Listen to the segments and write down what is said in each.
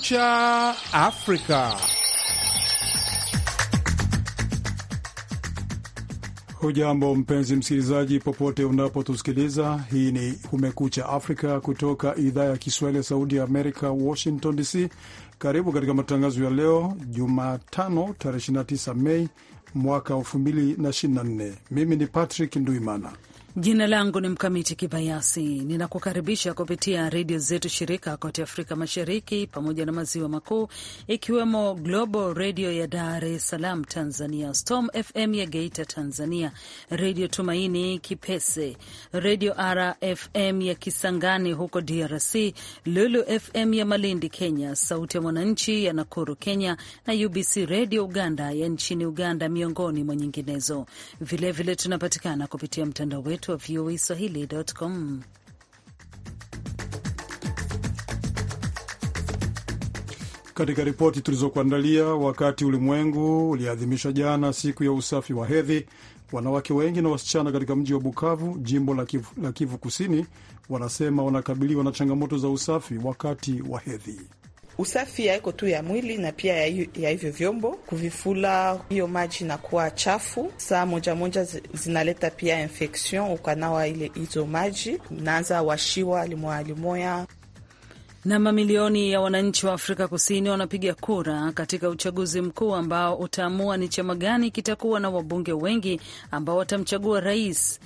Kumekucha Afrika. Hujambo mpenzi msikilizaji, popote unapotusikiliza. Hii ni Kumekucha Afrika kutoka idhaa ya Kiswahili ya Sauti ya Amerika, Washington DC. Karibu katika matangazo ya leo Jumatano, tarehe 29 Mei mwaka 2024. Mimi ni Patrick Nduimana Jina langu ni Mkamiti Kibayasi, ninakukaribisha kupitia redio zetu shirika kote Afrika Mashariki pamoja na Maziwa Makuu, ikiwemo Global Redio ya Dar es Salaam Tanzania, Storm FM ya Geita Tanzania, Redio Tumaini Kipese, Redio RFM ya Kisangani huko DRC, Lulu FM ya Malindi Kenya, Sauti ya Mwananchi ya Nakuru Kenya na UBC Redio Uganda ya nchini Uganda, miongoni mwa nyinginezo. Vilevile tunapatikana kupitia mtandao wetu yetu wa VOA e Swahili.com. Katika ripoti tulizokuandalia, wakati ulimwengu uliadhimisha jana siku ya usafi wa hedhi, wanawake wengi na wasichana katika mji wa Bukavu, jimbo la Kivu, la Kivu Kusini, wanasema wanakabiliwa na changamoto za usafi wakati wa hedhi usafi yaiko tu ya mwili na pia ya hivyo vyombo kuvifula, hiyo maji inakuwa chafu, saa moja moja zinaleta pia infection, ukanawa ile hizo maji naanza washiwa limoya limoya na mamilioni ya wananchi wa Afrika Kusini wanapiga kura katika uchaguzi mkuu ambao utaamua ni chama gani kitakuwa na wabunge wengi ambao watamchagua rais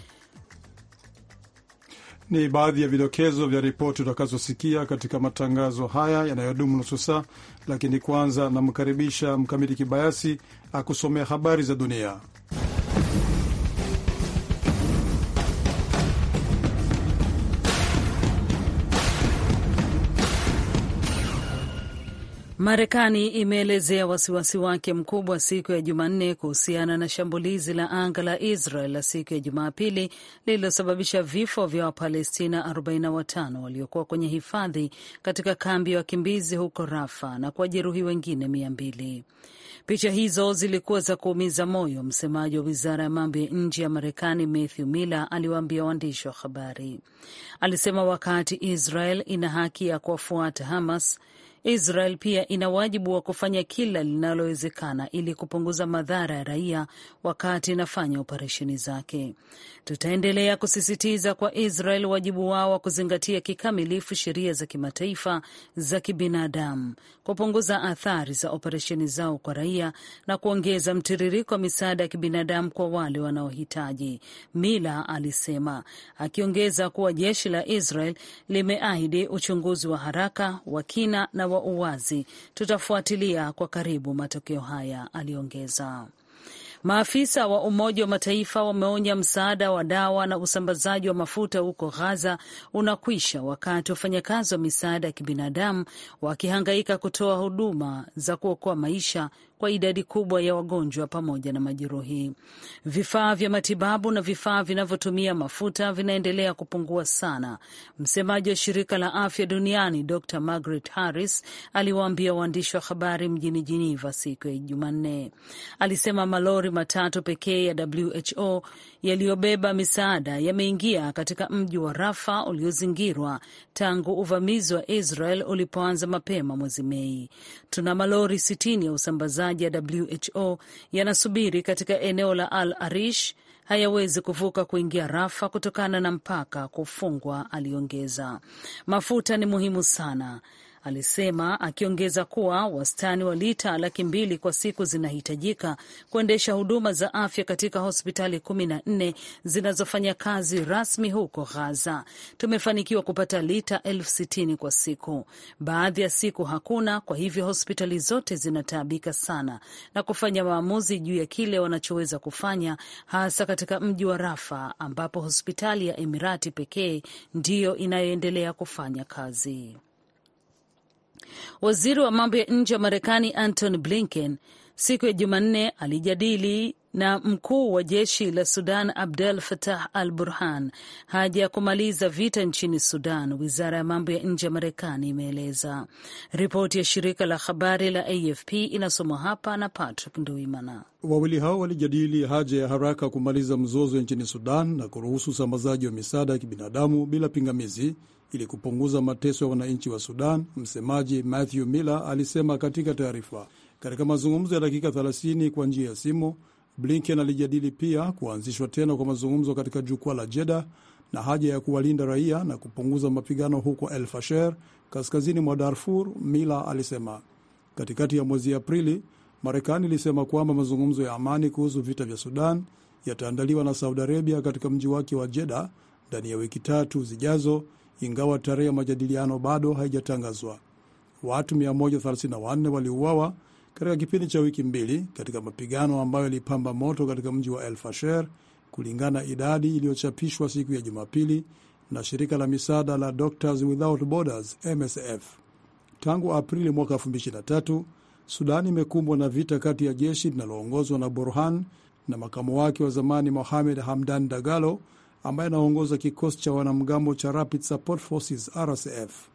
ni baadhi ya vidokezo vya ripoti utakazosikia katika matangazo haya yanayodumu nusu saa, lakini kwanza namkaribisha Mkamiti Kibayasi akusomea habari za dunia. Marekani imeelezea wasiwasi wake mkubwa siku ya Jumanne kuhusiana na shambulizi la anga la Israel la siku ya Jumapili lililosababisha vifo vya Wapalestina 45 waliokuwa kwenye hifadhi katika kambi ya wa wakimbizi huko Rafa na kuwajeruhi wengine mia mbili. Picha hizo zilikuwa za kuumiza moyo, msemaji wa wizara ya mambo ya nje ya Marekani Matthew Miller aliwaambia waandishi wa habari. Alisema wakati Israel ina haki ya kuwafuata Hamas Israel pia ina wajibu wa kufanya kila linalowezekana ili kupunguza madhara ya raia wakati inafanya operesheni zake. Tutaendelea kusisitiza kwa Israel wajibu wao wa kuzingatia kikamilifu sheria za kimataifa za kibinadamu, kupunguza athari za operesheni zao kwa raia na kuongeza mtiririko wa misaada ya kibinadamu kwa wale wanaohitaji, Mila alisema, akiongeza kuwa jeshi la Israel limeahidi uchunguzi wa haraka wa kina na wa uwazi, tutafuatilia kwa karibu matokeo haya, aliongeza. Maafisa wa Umoja wa Mataifa wameonya msaada wa dawa na usambazaji wa mafuta huko ghaza unakwisha wakati wafanyakazi wa misaada ya kibinadamu wakihangaika kutoa huduma za kuokoa maisha kwa idadi kubwa ya wagonjwa pamoja na majeruhi. Vifaa vya matibabu na vifaa vinavyotumia mafuta vinaendelea kupungua sana. Msemaji wa shirika la afya duniani Dr Margaret Harris aliwaambia waandishi wa habari mjini jeneva siku ya Jumanne. Alisema malori matatu pekee ya WHO yaliyobeba misaada yameingia katika mji wa Rafa uliozingirwa tangu uvamizi wa Israel ulipoanza mapema mwezi Mei. Tuna malori sitini ya usambazaji utekelezaji ya WHO yanasubiri katika eneo la Al Arish hayawezi kuvuka kuingia Rafa kutokana na mpaka kufungwa, aliongeza. Mafuta ni muhimu sana alisema akiongeza kuwa wastani wa lita laki mbili kwa siku zinahitajika kuendesha huduma za afya katika hospitali kumi na nne zinazofanya kazi rasmi huko ghaza Tumefanikiwa kupata lita elfu sitini kwa siku, baadhi ya siku hakuna. Kwa hivyo hospitali zote zinataabika sana na kufanya maamuzi juu ya kile wanachoweza kufanya, hasa katika mji wa Rafa ambapo hospitali ya Emirati pekee ndiyo inayoendelea kufanya kazi. Waziri wa mambo ya nje wa Marekani Antony Blinken siku ya Jumanne alijadili na mkuu wa jeshi la Sudan Abdel Fattah al Burhan haja ya kumaliza vita nchini Sudan, wizara ya mambo ya nje ya Marekani imeeleza. Ripoti ya shirika la habari la AFP inasomwa hapa na Patrick Nduimana. Wawili hao walijadili haja ya haraka kumaliza mzozo nchini Sudan na kuruhusu usambazaji wa misaada ya kibinadamu bila pingamizi ili kupunguza mateso ya wananchi wa Sudan, msemaji Matthew Miller alisema katika taarifa. Katika mazungumzo ya dakika 30 kwa njia ya simu, Blinken alijadili pia kuanzishwa tena kwa mazungumzo katika jukwaa la Jeddah na haja ya kuwalinda raia na kupunguza mapigano huko El Fasher, kaskazini mwa Darfur, Miller alisema. Katikati ya mwezi Aprili, Marekani ilisema kwamba mazungumzo ya amani kuhusu vita vya Sudan yataandaliwa na Saudi Arabia katika mji wake wa Jeddah ndani ya wiki tatu zijazo, ingawa tarehe ya majadiliano bado haijatangazwa. Watu 134 waliuawa katika kipindi cha wiki mbili katika mapigano ambayo yalipamba moto katika mji wa El Fasher, kulingana na idadi iliyochapishwa siku ya Jumapili na shirika la misaada la Doctors Without Borders MSF. Tangu Aprili mwaka 2023 Sudani imekumbwa na vita kati ya jeshi linaloongozwa na Burhan na makamu wake wa zamani Mohamed Hamdan Dagalo ambaye anaongoza kikosi cha wanamgambo cha Rapid Support Forces RSF.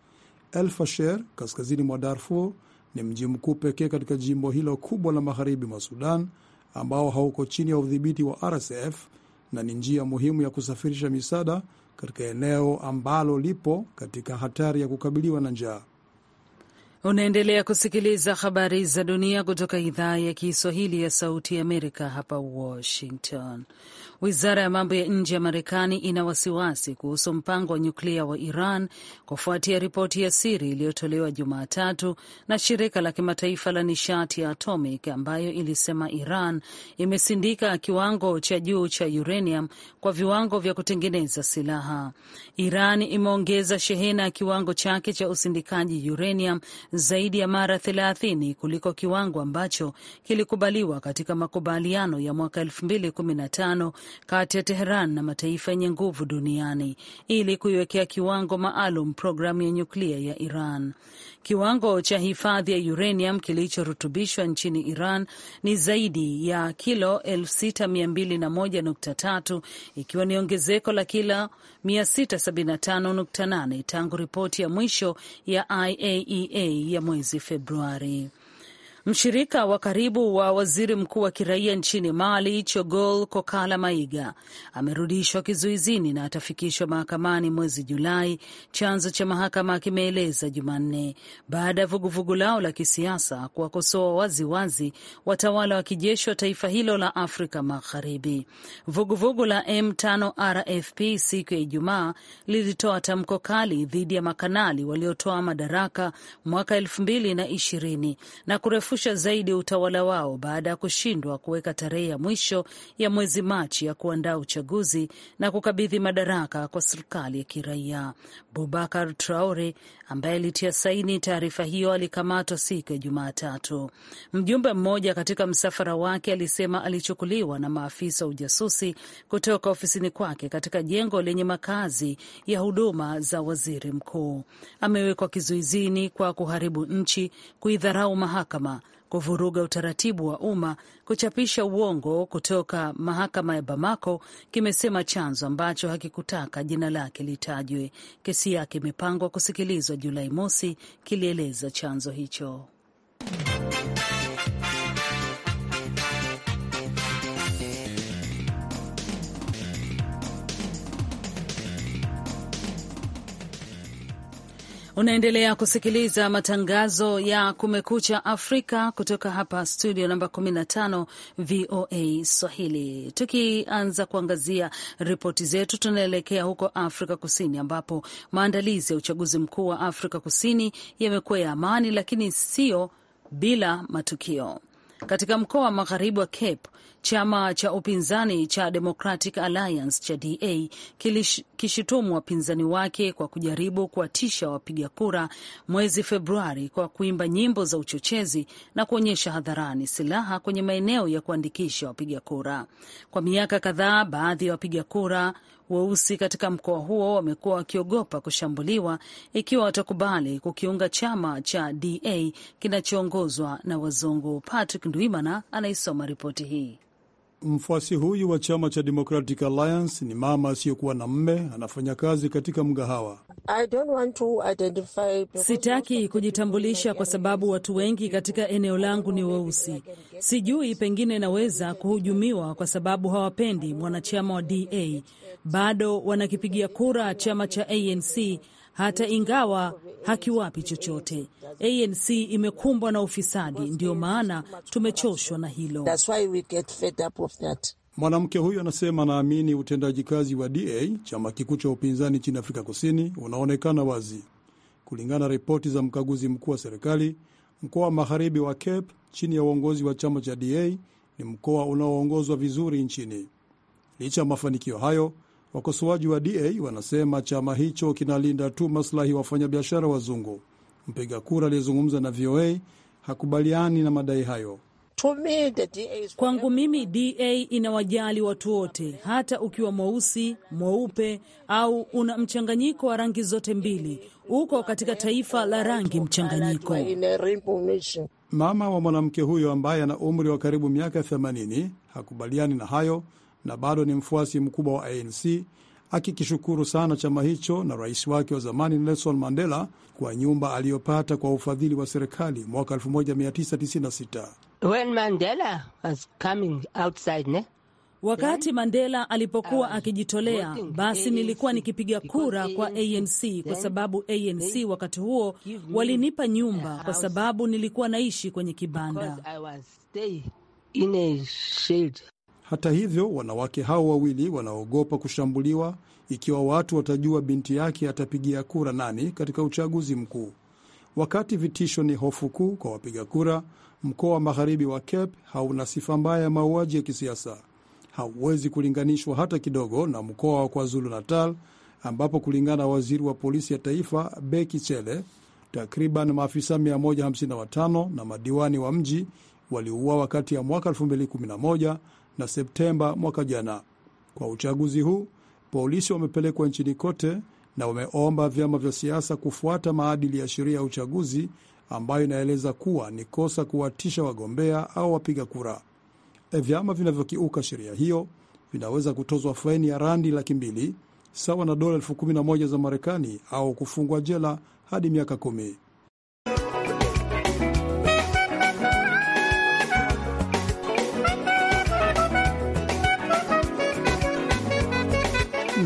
El Fasher, kaskazini mwa Darfur, ni mji mkuu pekee katika jimbo hilo kubwa la magharibi mwa Sudan ambao hauko chini ya udhibiti wa RSF na ni njia muhimu ya kusafirisha misaada katika eneo ambalo lipo katika hatari ya kukabiliwa na njaa. Unaendelea kusikiliza habari za dunia kutoka idhaa ya Kiswahili ya Sauti ya Amerika hapa Washington. Wizara ya mambo ya nje ya Marekani ina wasiwasi kuhusu mpango wa nyuklia wa Iran kufuatia ripoti ya siri iliyotolewa Jumatatu na shirika la kimataifa la nishati ya atomic ambayo ilisema Iran imesindika kiwango cha juu cha uranium kwa viwango vya kutengeneza silaha. Iran imeongeza shehena ya kiwango chake cha usindikaji uranium zaidi ya mara 30 kuliko kiwango ambacho kilikubaliwa katika makubaliano ya mwaka 2015 kati ya Teheran na mataifa yenye nguvu duniani ili kuiwekea kiwango maalum programu ya nyuklia ya Iran. Kiwango cha hifadhi ya uranium kilichorutubishwa nchini Iran ni zaidi ya kilo 6201.3 ikiwa ni ongezeko la kilo 675.8 tangu ripoti ya mwisho ya IAEA e ya mwezi Februari. Mshirika wa karibu wa waziri mkuu wa kiraia nchini Mali, Chogol Kokala Maiga, amerudishwa kizuizini na atafikishwa mahakamani mwezi Julai, chanzo cha mahakama kimeeleza Jumanne, baada ya vuguvugu lao la kisiasa kuwakosoa waziwazi watawala wa kijeshi wa taifa hilo la Afrika Magharibi. Vuguvugu la M5 RFP siku ya Ijumaa lilitoa tamko kali dhidi ya makanali waliotoa madaraka mwaka elfu mbili na ishirini na kurefusha kuimarisha zaidi utawala wao baada ya kushindwa kuweka tarehe ya mwisho ya mwezi Machi ya kuandaa uchaguzi na kukabidhi madaraka kwa serikali ya kiraia. Bubakar Traore ambaye alitia saini taarifa hiyo alikamatwa siku ya Jumatatu. Mjumbe mmoja katika msafara wake alisema alichukuliwa na maafisa wa ujasusi kutoka ofisini kwake katika jengo lenye makazi ya huduma za waziri mkuu. Amewekwa kizuizini kwa kuharibu nchi, kuidharau mahakama kuvuruga utaratibu wa umma, kuchapisha uongo kutoka mahakama ya Bamako, kimesema chanzo ambacho hakikutaka jina lake litajwe. Kesi yake imepangwa kusikilizwa Julai mosi, kilieleza chanzo hicho. Unaendelea kusikiliza matangazo ya Kumekucha Afrika kutoka hapa studio namba 15 VOA Swahili. Tukianza kuangazia ripoti zetu, tunaelekea huko Afrika Kusini ambapo maandalizi ya uchaguzi mkuu wa Afrika Kusini yamekuwa ya amani, lakini sio bila matukio. Katika mkoa wa magharibi wa Cape, Chama cha upinzani cha Democratic Alliance cha DA kilishutumu wapinzani wake kwa kujaribu kuwatisha wapiga kura mwezi Februari kwa kuimba nyimbo za uchochezi na kuonyesha hadharani silaha kwenye maeneo ya kuandikisha wapiga kura. Kwa miaka kadhaa, baadhi ya wapiga kura weusi katika mkoa huo wamekuwa wakiogopa kushambuliwa ikiwa watakubali kukiunga chama cha DA kinachoongozwa na wazungu. Patrick Ndwimana anaisoma ripoti hii. Mfuasi huyu wa chama cha Democratic Alliance ni mama asiyokuwa na mme, anafanya kazi katika mgahawa. I don't want to identify... sitaki kujitambulisha kwa sababu watu wengi katika eneo langu ni weusi. Sijui, pengine naweza kuhujumiwa kwa sababu hawapendi mwanachama wa DA. Bado wanakipigia kura chama cha ANC hata ingawa hakiwapi chochote. ANC imekumbwa na ufisadi, ndiyo maana tumechoshwa na hilo. Mwanamke huyu anasema anaamini utendaji kazi wa DA, chama kikuu cha upinzani nchini Afrika Kusini, unaonekana wazi. Kulingana na ripoti za mkaguzi mkuu wa serikali, mkoa wa magharibi wa Cape chini ya uongozi wa chama cha DA ni mkoa unaoongozwa vizuri nchini. Licha ya mafanikio hayo, Wakosoaji wa DA wanasema chama hicho kinalinda tu maslahi ya wafanyabiashara wazungu. Mpiga kura aliyezungumza na VOA hakubaliani na madai hayo. Kwangu mimi DA inawajali watu wote, hata ukiwa mweusi, mweupe au una mchanganyiko wa rangi zote mbili, uko katika taifa la rangi mchanganyiko. Mama wa mwanamke huyo ambaye ana umri wa karibu miaka 80 hakubaliani na hayo na bado ni mfuasi mkubwa wa ANC, akikishukuru sana chama hicho na rais wake wa zamani Nelson Mandela kwa nyumba aliyopata kwa ufadhili wa serikali mwaka 1996. When Mandela was coming outside, ne? Wakati Mandela alipokuwa ah, akijitolea, basi nilikuwa nikipiga kura kwa ANC kwa sababu ANC wakati huo walinipa nyumba kwa sababu nilikuwa naishi kwenye kibanda. Hata hivyo, wanawake hao wawili wanaogopa kushambuliwa ikiwa watu watajua binti yake atapigia kura nani katika uchaguzi mkuu. Wakati vitisho ni hofu kuu kwa wapiga kura, mkoa wa magharibi wa Cape hauna sifa mbaya ya mauaji ya kisiasa. Hauwezi kulinganishwa hata kidogo na mkoa wa KwaZulu Natal, ambapo kulingana na waziri wa polisi ya taifa Beki Chele, takriban maafisa 155 na madiwani wa mji waliuawa kati ya mwaka 2011 na Septemba mwaka jana. Kwa uchaguzi huu polisi wamepelekwa nchini kote na wameomba vyama vya siasa kufuata maadili ya sheria ya uchaguzi ambayo inaeleza kuwa ni kosa kuwatisha wagombea au wapiga kura. E, vyama vinavyokiuka sheria hiyo vinaweza kutozwa faini ya randi laki mbili sawa na dola elfu kumi na moja za Marekani au kufungwa jela hadi miaka kumi.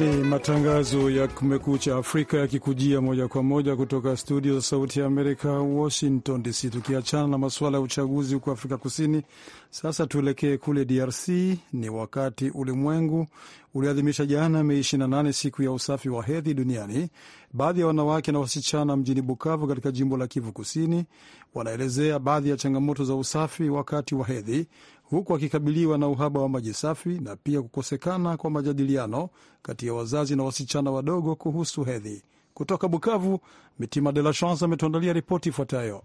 ni matangazo ya Kumekucha Afrika yakikujia moja kwa moja kutoka studio za Sauti ya Amerika, Washington DC. Tukiachana na masuala ya uchaguzi huko Afrika Kusini, sasa tuelekee kule DRC. Ni wakati ulimwengu uliadhimisha jana Mei 28 siku ya usafi wa hedhi duniani. Baadhi ya wanawake na wasichana mjini Bukavu katika jimbo la Kivu Kusini wanaelezea baadhi ya changamoto za usafi wakati wa hedhi, huku akikabiliwa na uhaba wa maji safi na pia kukosekana kwa majadiliano kati ya wazazi na wasichana wadogo kuhusu hedhi. Kutoka Bukavu, Mitima De La Chance ametuandalia ripoti ifuatayo.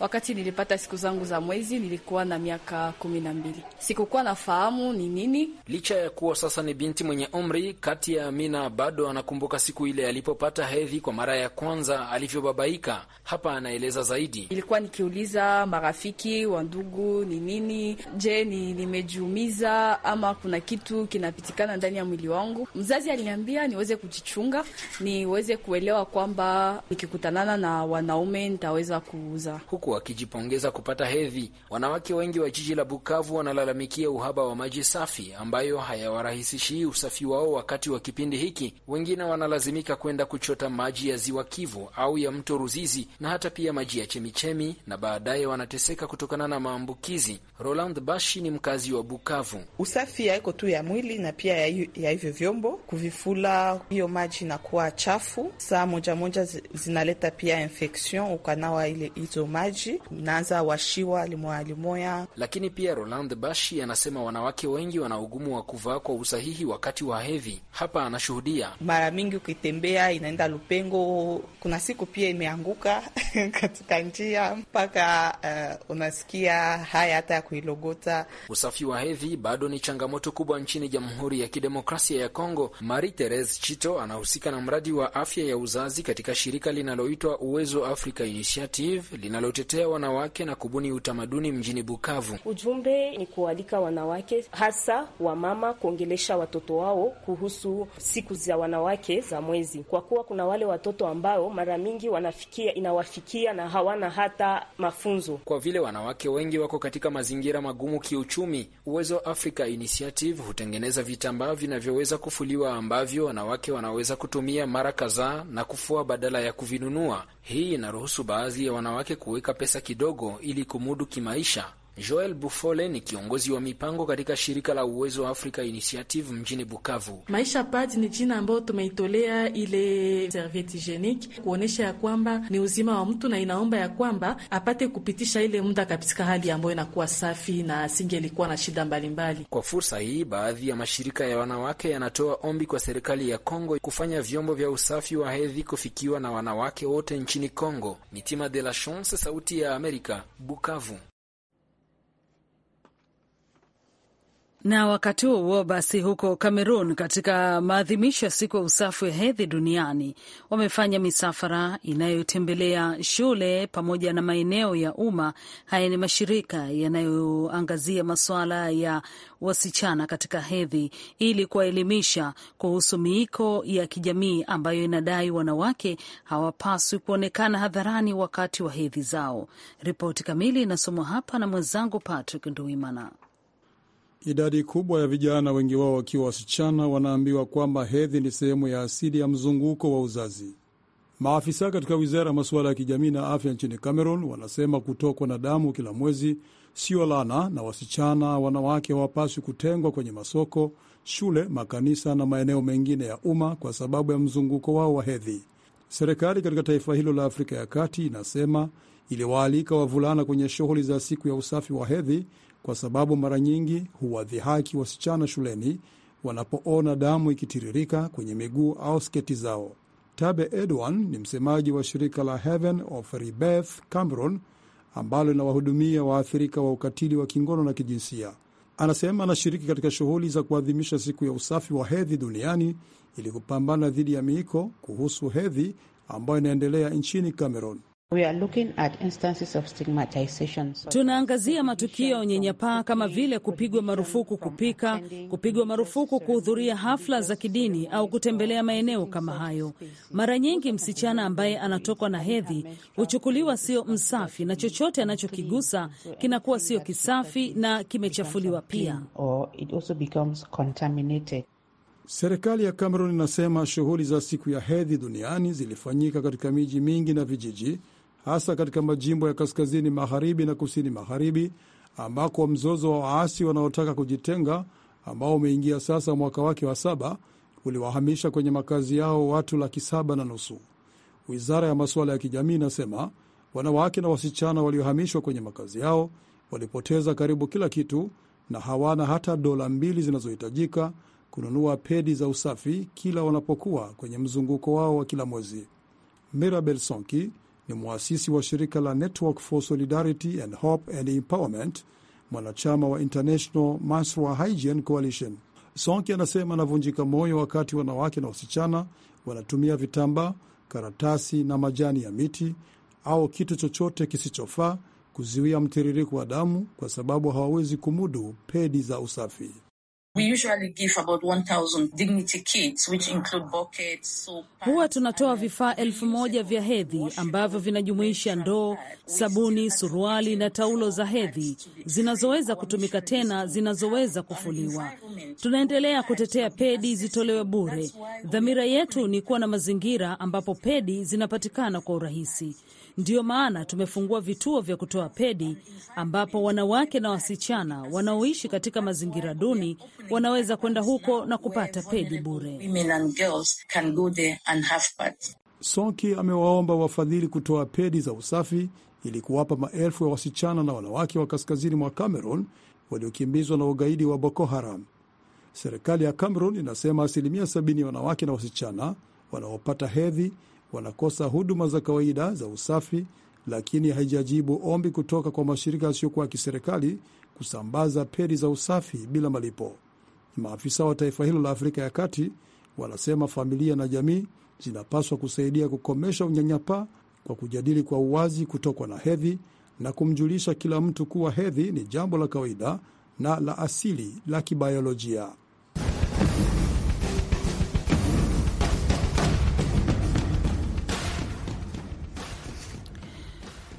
Wakati nilipata siku zangu za mwezi nilikuwa na miaka kumi na mbili. Sikukuwa nafahamu ni nini. Licha ya kuwa sasa ni binti mwenye umri kati ya Amina, bado anakumbuka siku ile alipopata hedhi kwa mara ya kwanza, alivyobabaika. Hapa anaeleza zaidi. ilikuwa nikiuliza marafiki wa ndugu, ni nini? Je, ni nimejiumiza ama kuna kitu kinapitikana ndani ya mwili wangu? Mzazi aliniambia niweze kujichunga, niweze kuelewa kwamba nikikutanana na wanaume nitaweza kuuza huku wakijipongeza kupata hedhi. Wanawake wengi wa jiji la Bukavu wanalalamikia uhaba wa maji safi ambayo hayawarahisishii usafi wao wakati wa kipindi hiki. Wengine wanalazimika kwenda kuchota maji ya ziwa Kivu au ya mto Ruzizi na hata pia maji ya chemichemi, na baadaye wanateseka kutokana na maambukizi. Roland Bashi ni mkazi wa Bukavu. Usafi yaiko tu ya mwili na pia ya hivyo vyombo kuvifula, hiyo maji inakuwa chafu, saa moja moja zinaleta pia infection ukanawa ile hizo maji maji naanza washiwa limoya limoya. Lakini pia Roland Bashi anasema wanawake wengi wana ugumu wa kuvaa kwa usahihi wakati wa hedhi. Hapa anashuhudia mara mingi ukitembea inaenda lupengo, kuna siku pia imeanguka katika njia mpaka uh, unasikia haya hata ya kuilogota. Usafi wa hedhi bado ni changamoto kubwa nchini Jamhuri ya Kidemokrasia ya Kongo. Marie Therese Chito anahusika na mradi wa afya ya uzazi katika shirika linaloitwa Uwezo Africa Initiative linalo kutetea wanawake na kubuni utamaduni mjini Bukavu. Ujumbe ni kualika wanawake, hasa wamama, kuongelesha watoto wao kuhusu siku za wanawake za mwezi, kwa kuwa kuna wale watoto ambao mara mingi wanafikia inawafikia na hawana hata mafunzo. Kwa vile wanawake wengi wako katika mazingira magumu kiuchumi, Uwezo wa Africa Initiative hutengeneza vitambaa vinavyoweza kufuliwa ambavyo wanawake wanaweza kutumia mara kadhaa na kufua badala ya kuvinunua. Hii inaruhusu baadhi ya wanawake kuweka pesa kidogo ili kumudu kimaisha Joel Bufole ni kiongozi wa mipango katika shirika la Uwezo wa Africa Initiative mjini Bukavu. Maisha pad ni jina ambayo tumeitolea ile serviette hygienique kuonyesha ya kwamba ni uzima wa mtu na inaomba ya kwamba apate kupitisha ile muda katika hali ambayo inakuwa safi na asinge likuwa na shida mbalimbali mbali. Kwa fursa hii, baadhi ya mashirika ya wanawake yanatoa ombi kwa serikali ya Kongo kufanya vyombo vya usafi wa hedhi kufikiwa na wanawake wote nchini Kongo. Mitima de la Chance, Sauti ya Amerika, Bukavu. Na wakati huo basi, huko Cameroon katika maadhimisho ya siku ya usafi wa hedhi duniani wamefanya misafara inayotembelea shule pamoja na maeneo ya umma. Haya ni mashirika yanayoangazia masuala ya wasichana katika hedhi, ili kuwaelimisha kuhusu miiko ya kijamii ambayo inadai wanawake hawapaswi kuonekana hadharani wakati wa hedhi zao. Ripoti kamili inasomwa hapa na mwenzangu Patrick Nduimana. Idadi kubwa ya vijana, wengi wao wakiwa wasichana, wanaambiwa kwamba hedhi ni sehemu ya asili ya mzunguko wa uzazi. Maafisa katika wizara ya masuala ya kijamii na afya nchini Cameroon wanasema kutokwa na damu kila mwezi sio laana, na wasichana wanawake hawapaswi kutengwa kwenye masoko, shule, makanisa na maeneo mengine ya umma kwa sababu ya mzunguko wao wa hedhi. Serikali katika taifa hilo la Afrika ya Kati inasema iliwaalika wavulana kwenye shughuli za siku ya usafi wa hedhi kwa sababu mara nyingi huwadhihaki wasichana shuleni wanapoona damu ikitiririka kwenye miguu au sketi zao. Tabe Edwan ni msemaji wa shirika la Heaven of Rebirth Cameron ambalo linawahudumia waathirika wa ukatili wa kingono na kijinsia. Anasema anashiriki katika shughuli za kuadhimisha siku ya usafi wa hedhi duniani ili kupambana dhidi ya miiko kuhusu hedhi ambayo inaendelea nchini Cameron. We are looking at instances of stigmatization. So tunaangazia matukio ya unyanyapaa kama vile kupigwa marufuku kupika, kupigwa marufuku kuhudhuria hafla za kidini au kutembelea maeneo kama hayo. Mara nyingi msichana ambaye anatokwa na hedhi huchukuliwa sio msafi na chochote anachokigusa kinakuwa sio kisafi na kimechafuliwa pia. Serikali ya Cameroon inasema shughuli za siku ya hedhi duniani zilifanyika katika miji mingi na vijiji hasa katika majimbo ya kaskazini magharibi na kusini magharibi ambako mzozo wa waasi wanaotaka kujitenga ambao umeingia sasa mwaka wake wa saba uliwahamisha kwenye makazi yao watu laki saba na nusu. Wizara ya masuala ya kijamii inasema wanawake na wasichana waliohamishwa kwenye makazi yao walipoteza karibu kila kitu na hawana hata dola mbili zinazohitajika kununua pedi za usafi kila wanapokuwa kwenye mzunguko wao wa kila mwezi. Mirabel Sonki ni mwasisi wa shirika la Network for Solidarity and Hope and Empowerment, mwanachama wa International Maswa Hygiene Coalition. Sonki anasema anavunjika moyo wakati wanawake na wasichana wanatumia vitambaa, karatasi na majani ya miti au kitu chochote kisichofaa kuzuia mtiririko wa damu kwa sababu hawawezi kumudu pedi za usafi. We usually give about 1,000 dignity kits, which include buckets, soap. Huwa tunatoa vifaa elfu moja vya hedhi ambavyo vinajumuisha ndoo, sabuni, suruali na taulo za hedhi zinazoweza kutumika tena, zinazoweza kufuliwa. Tunaendelea kutetea pedi zitolewe bure. Dhamira yetu ni kuwa na mazingira ambapo pedi zinapatikana kwa urahisi. Ndiyo maana tumefungua vituo vya kutoa pedi ambapo wanawake na wasichana wanaoishi katika mazingira duni wanaweza kwenda huko na kupata pedi bure. Sonki amewaomba wafadhili kutoa pedi za usafi ili kuwapa maelfu ya wasichana na wanawake wa kaskazini mwa Cameroon waliokimbizwa na ugaidi wa Boko Haram. Serikali ya Cameroon inasema asilimia 70 ya wanawake na wasichana wanaopata hedhi wanakosa huduma za kawaida za usafi, lakini haijajibu ombi kutoka kwa mashirika yasiyokuwa ya kiserikali kusambaza pedi za usafi bila malipo. Maafisa wa taifa hilo la Afrika ya Kati wanasema familia na jamii zinapaswa kusaidia kukomesha unyanyapaa kwa kujadili kwa uwazi kutokwa na hedhi na kumjulisha kila mtu kuwa hedhi ni jambo la kawaida na la asili la kibayolojia.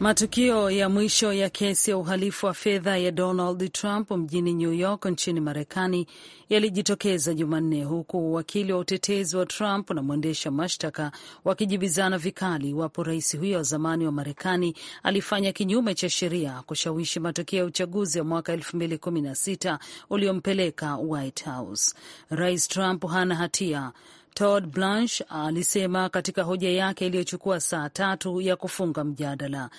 Matukio ya mwisho ya kesi ya uhalifu wa fedha ya Donald Trump mjini New York nchini Marekani yalijitokeza Jumanne, huku wakili wa utetezi wa Trump na mwendesha mashtaka wakijibizana vikali iwapo rais huyo wa zamani wa Marekani alifanya kinyume cha sheria kushawishi matokeo ya uchaguzi wa mwaka 2016 uliompeleka White House. Rais Trump hana hatia Todd Blanche alisema katika hoja yake iliyochukua saa tatu ya kufunga mjadala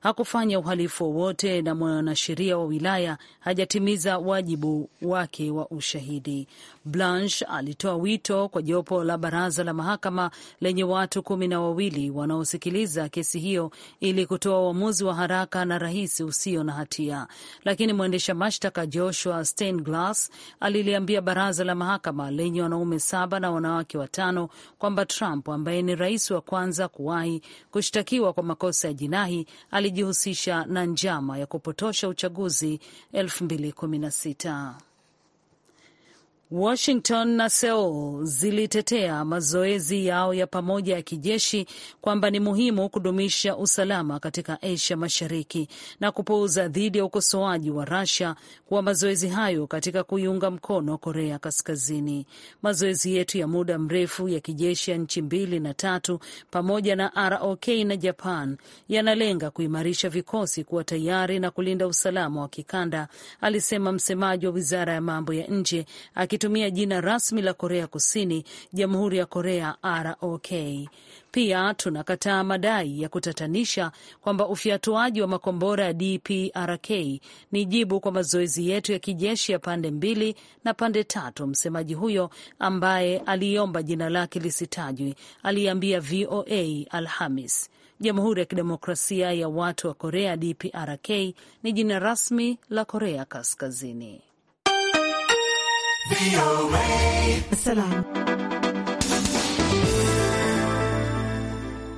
hakufanya uhalifu wowote na mwanasheria wa wilaya hajatimiza wajibu wake wa ushahidi. Blanche alitoa wito kwa jopo la baraza la mahakama lenye watu kumi na wawili wanaosikiliza kesi hiyo ili kutoa uamuzi wa haraka na rahisi usio na hatia, lakini mwendesha mashtaka Joshua Steinglass aliliambia baraza la mahakama lenye wanaume saba na wanawake watano kwamba Trump ambaye ni rais wa kwanza kuwahi kushtakiwa kwa makosa ya jinai ali alijihusisha na njama ya kupotosha uchaguzi 2016. Washington na Seoul zilitetea mazoezi yao ya pamoja ya kijeshi kwamba ni muhimu kudumisha usalama katika Asia Mashariki na kupuuza dhidi ya ukosoaji wa Russia kuwa mazoezi hayo katika kuiunga mkono Korea Kaskazini. Mazoezi yetu ya muda mrefu ya kijeshi ya nchi mbili na tatu pamoja na ROK na Japan yanalenga kuimarisha vikosi kuwa tayari na kulinda usalama wa kikanda, alisema msemaji wa Wizara ya Mambo ya Nje aki ikitumia jina rasmi la Korea Kusini, Jamhuri ya Korea ROK. Pia tunakataa madai ya kutatanisha kwamba ufyatuaji wa makombora ya DPRK ni jibu kwa mazoezi yetu ya kijeshi ya pande mbili na pande tatu, msemaji huyo ambaye aliomba jina lake lisitajwe aliambia VOA Alhamis. Jamhuri ya Kidemokrasia ya Watu wa Korea DPRK ni jina rasmi la Korea Kaskazini.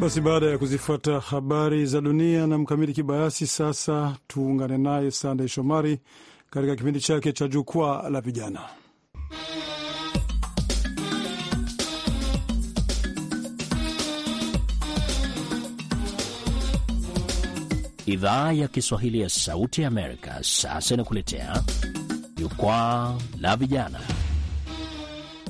Basi baada ya kuzifuata habari za dunia na mkamiti Kibayasi, sasa tuungane naye Sandey Shomari katika kipindi chake cha Jukwaa la Vijana. Idhaa ya Kiswahili ya Sauti ya Amerika sasa inakuletea Jukwaa la Vijana.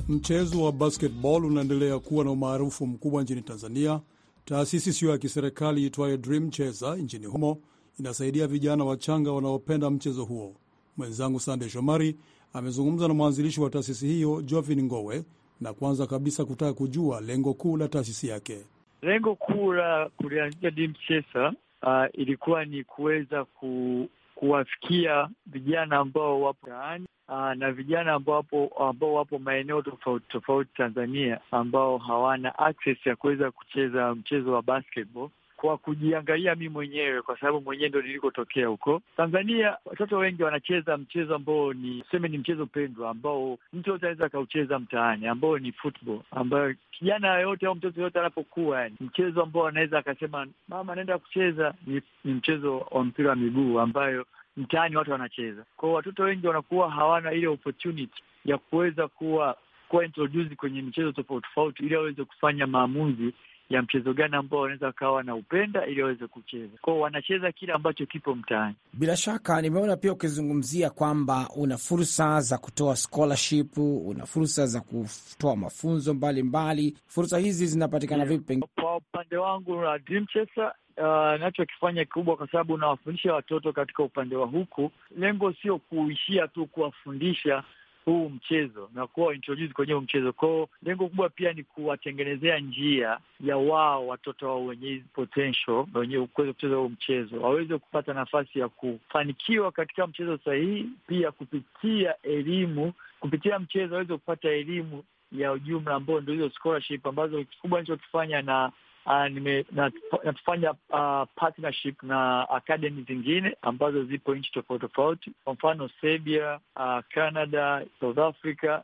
Mchezo wa basketball unaendelea kuwa na umaarufu mkubwa nchini Tanzania. Taasisi isiyo ya kiserikali itwayo Dream Cheza nchini humo inasaidia vijana wachanga wanaopenda mchezo huo. Mwenzangu Sande Shomari amezungumza na mwanzilishi wa taasisi hiyo Jovin Ngowe, na kwanza kabisa kutaka kujua lengo kuu la taasisi yake. Lengo kuu la kulianzisha Dream Cheza uh, ilikuwa ni kuweza ku kuwafikia vijana ambao wapo mtaani ah, na vijana ambao wapo, ambao wapo maeneo tofauti tofauti Tanzania ambao hawana access ya kuweza kucheza mchezo wa basketball kwa kujiangalia mi mwenyewe, kwa sababu mwenyewe ndo nilikotokea huko Tanzania. Watoto wengi wanacheza mchezo ambao ni seme, ni mchezo pendwa ambao mtu yote anaweza akaucheza mtaani, ambao ni football, ambayo kijana yoyote au mtoto yoyote anapokuwa, yani mchezo ambao anaweza akasema mama, naenda kucheza, ni, ni mchezo wa mpira wa miguu ambayo mtaani watu wanacheza. kwao. watoto wengi wanakuwa hawana ile opportunity ya kuweza kuwa kuwa kwenye michezo tofauti tofauti, ili waweze kufanya maamuzi ya mchezo gani ambao wanaweza wakawa wanaupenda ili waweze kucheza kwao, wanacheza kile ambacho kipo mtaani. Bila shaka nimeona pia ukizungumzia kwamba una fursa za kutoa scholarship, una fursa za kutoa mafunzo mbalimbali mbali. Fursa hizi zinapatikana vipi? Kwa upande wangu na Dream Chaser uh, kikubwa kwa sababu unawafundisha watoto katika upande wa huku, lengo sio kuishia tu kuwafundisha huu mchezo na kuwa introduce kwenye huu mchezo kwao. Lengo kubwa pia ni kuwatengenezea njia ya wao watoto wao wenye hizi potential wenye kuweza kucheza huu mchezo waweze kupata nafasi ya kufanikiwa katika mchezo sahihi, pia kupitia elimu, kupitia mchezo waweze kupata elimu ya ujumla ambao ndio hizo scholarship ambazo kikubwa nichokifanya na Ah, na, natufanya uh, ah, partnership na academy zingine ambazo zipo nchi tofauti tofauti, kwa mfano Serbia, uh, Canada, South Africa.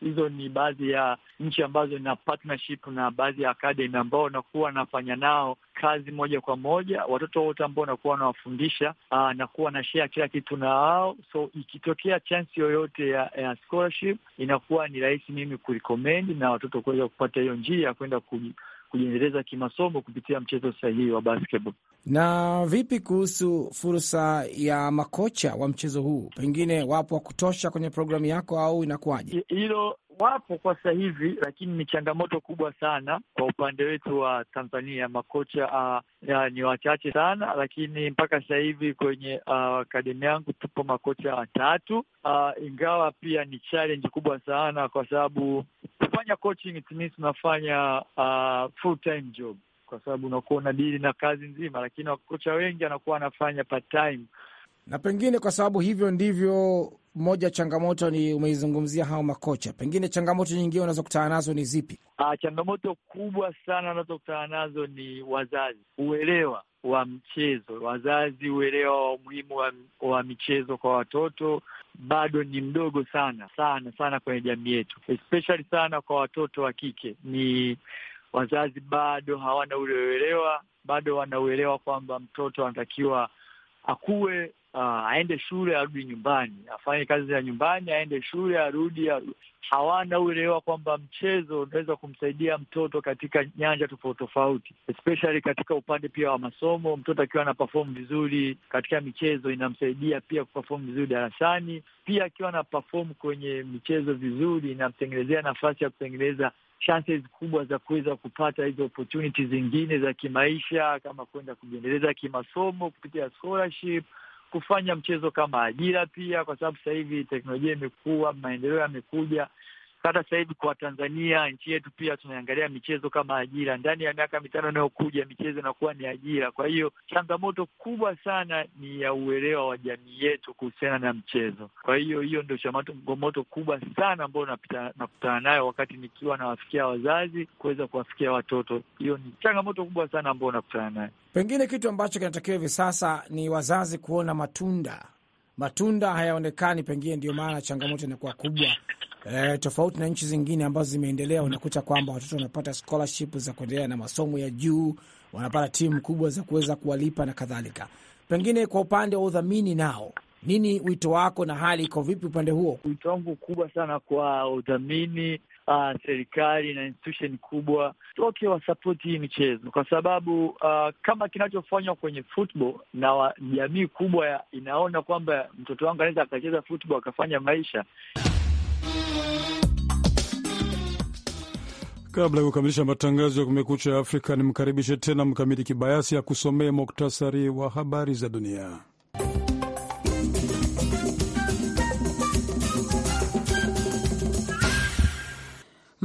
Hizo uh, ni baadhi ya nchi ambazo ina partnership na baadhi ya academy ambao wanakuwa wanafanya nao kazi moja kwa moja, watoto wote ambao nakuwa wanawafundisha uh, nakuwa na share kila kitu na wao, so ikitokea chance yoyote ya, ya scholarship inakuwa ni rahisi mimi kurecommend na watoto kuweza kupata hiyo njia ya kwenda ku kujiendeleza kimasomo kupitia mchezo sahihi wa basketball. Na vipi kuhusu fursa ya makocha wa mchezo huu? Pengine wapo wa kutosha kwenye programu yako au inakuwaje? Hilo wapo kwa sasa hivi, lakini ni changamoto kubwa sana kwa upande wetu wa Tanzania. Makocha uh, ya, ni wachache sana, lakini mpaka sasa hivi kwenye akademi ah, yangu tupo makocha watatu uh, ingawa pia ni challenge kubwa sana kwa sababu kufanya coaching it means tunafanya uh, full time job, kwa sababu unakuwa unadili na kazi nzima, lakini wakocha wengi anakuwa anafanya part time na pengine kwa sababu hivyo ndivyo moja changamoto ni umeizungumzia hao makocha, pengine changamoto nyingine unazokutana nazo ni zipi? Ah, changamoto kubwa sana unazokutana nazo ni wazazi, uelewa wa mchezo, wazazi uelewa wa umuhimu wa, wa michezo kwa watoto bado ni mdogo sana sana sana kwenye jamii yetu, especially sana kwa watoto wa kike. Ni wazazi bado hawana ule uelewa, bado wanauelewa kwamba mtoto anatakiwa akuwe uh, aende shule arudi nyumbani, afanye kazi ya nyumbani, aende shule arudi, arudi. Hawana uelewa kwamba mchezo unaweza kumsaidia mtoto katika nyanja tofauti tofauti, especially katika upande pia wa masomo. Mtoto akiwa ana perform vizuri katika michezo inamsaidia pia kuperform vizuri darasani, pia akiwa ana perform kwenye michezo vizuri inamtengenezea nafasi ya kutengeneza chances kubwa za kuweza kupata hizo opportunities zingine za kimaisha, kama kwenda kujiendeleza kimasomo kupitia scholarship kufanya mchezo kama ajira pia, kwa sababu sasa hivi teknolojia imekuwa, maendeleo yamekuja. Hata sasa hivi kwa Tanzania nchi yetu pia tunaangalia michezo kama ajira. Ndani ya miaka mitano inayokuja michezo inakuwa ni ajira. Kwa hiyo changamoto kubwa sana ni ya uelewa wa jamii yetu kuhusiana na mchezo. Kwa hiyo hiyo ndio changamoto kubwa sana ambayo nakutana nayo wakati nikiwa nawafikia wazazi kuweza kuwafikia watoto. Hiyo ni changamoto kubwa sana ambayo nakutana nayo. Pengine kitu ambacho kinatakiwa hivi sasa ni wazazi kuona matunda matunda hayaonekani, pengine ndio maana changamoto inakuwa kubwa. E, tofauti na nchi zingine ambazo zimeendelea, unakuta kwamba watoto wanapata scholarship za kuendelea na masomo ya juu, wanapata timu kubwa za kuweza kuwalipa na kadhalika. Pengine kwa upande wa udhamini nao nini wito wako na hali iko vipi upande huo? Wito wangu kubwa sana kwa udhamini Uh, serikali na institution kubwa toke wasapoti hii michezo kwa sababu uh, kama kinachofanywa kwenye football na jamii kubwa ya, inaona kwamba mtoto wangu anaweza akacheza football akafanya maisha. Kabla ya kukamilisha matangazo ya Kumekucha Afrika, nimkaribishe tena Mkamiti Kibayasi akusomee muktasari wa habari za dunia.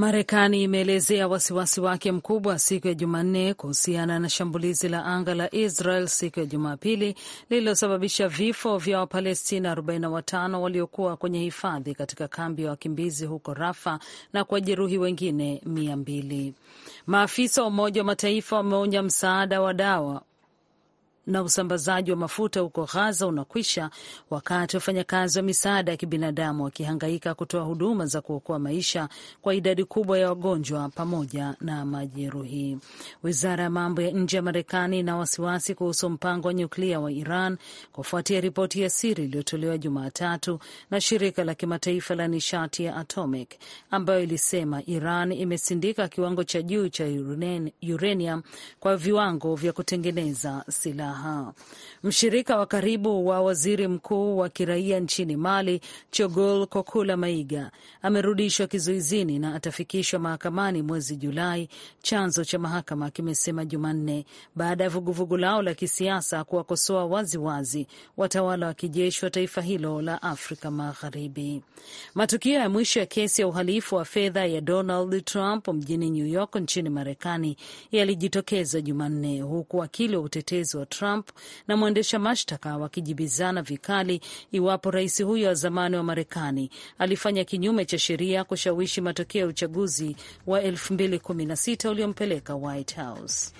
Marekani imeelezea wasiwasi wake mkubwa siku ya Jumanne kuhusiana na shambulizi la anga la Israel siku ya Jumapili lililosababisha vifo vya Wapalestina 45 waliokuwa kwenye hifadhi katika kambi ya wa wakimbizi huko Rafa na jeruhi wengine mia mbili. Maafisa wa Umoja wa Mataifa wameonya msaada wa dawa na usambazaji wa mafuta huko ghaza unakwisha, wakati wafanyakazi wa misaada ya kibinadamu wakihangaika kutoa huduma za kuokoa maisha kwa idadi kubwa ya wagonjwa pamoja na majeruhi. Wizara ya mambo ya nje ya Marekani ina wasiwasi kuhusu mpango wa nyuklia wa Iran kufuatia ripoti ya siri iliyotolewa Jumatatu na shirika la kimataifa la nishati ya Atomic ambayo ilisema Iran imesindika kiwango cha juu cha uranium kwa viwango vya kutengeneza silaha. 啊哈。Mshirika wa karibu wa waziri mkuu wa kiraia nchini Mali, Chogol Kokula Maiga, amerudishwa kizuizini na atafikishwa mahakamani mwezi Julai, chanzo cha mahakama kimesema Jumanne, baada ya vuguvugu lao la kisiasa kuwakosoa waziwazi watawala wa kijeshi wa taifa hilo la Afrika Magharibi. Matukio ya mwisho ya kesi ya uhalifu wa fedha ya Donald Trump mjini New York nchini Marekani yalijitokeza Jumanne, huku wakili wa utetezi wa Trump na waendesha mashtaka wakijibizana vikali iwapo rais huyo wa zamani wa Marekani alifanya kinyume cha sheria kushawishi matokeo ya uchaguzi wa 2016 uliompeleka White House.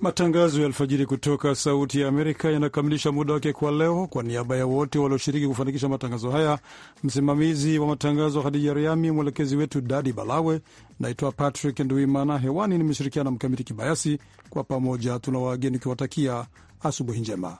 Matangazo ya alfajiri kutoka Sauti ya Amerika yanakamilisha muda wake kwa leo. Kwa niaba ya wote walioshiriki kufanikisha matangazo haya, msimamizi wa matangazo Hadija Riami, mwelekezi wetu Dadi Balawe. Naitwa Patrick Nduimana, hewani nimeshirikiana na Mkamiti Kibayasi. Kwa pamoja tuna wageni ukiwatakia asubuhi njema.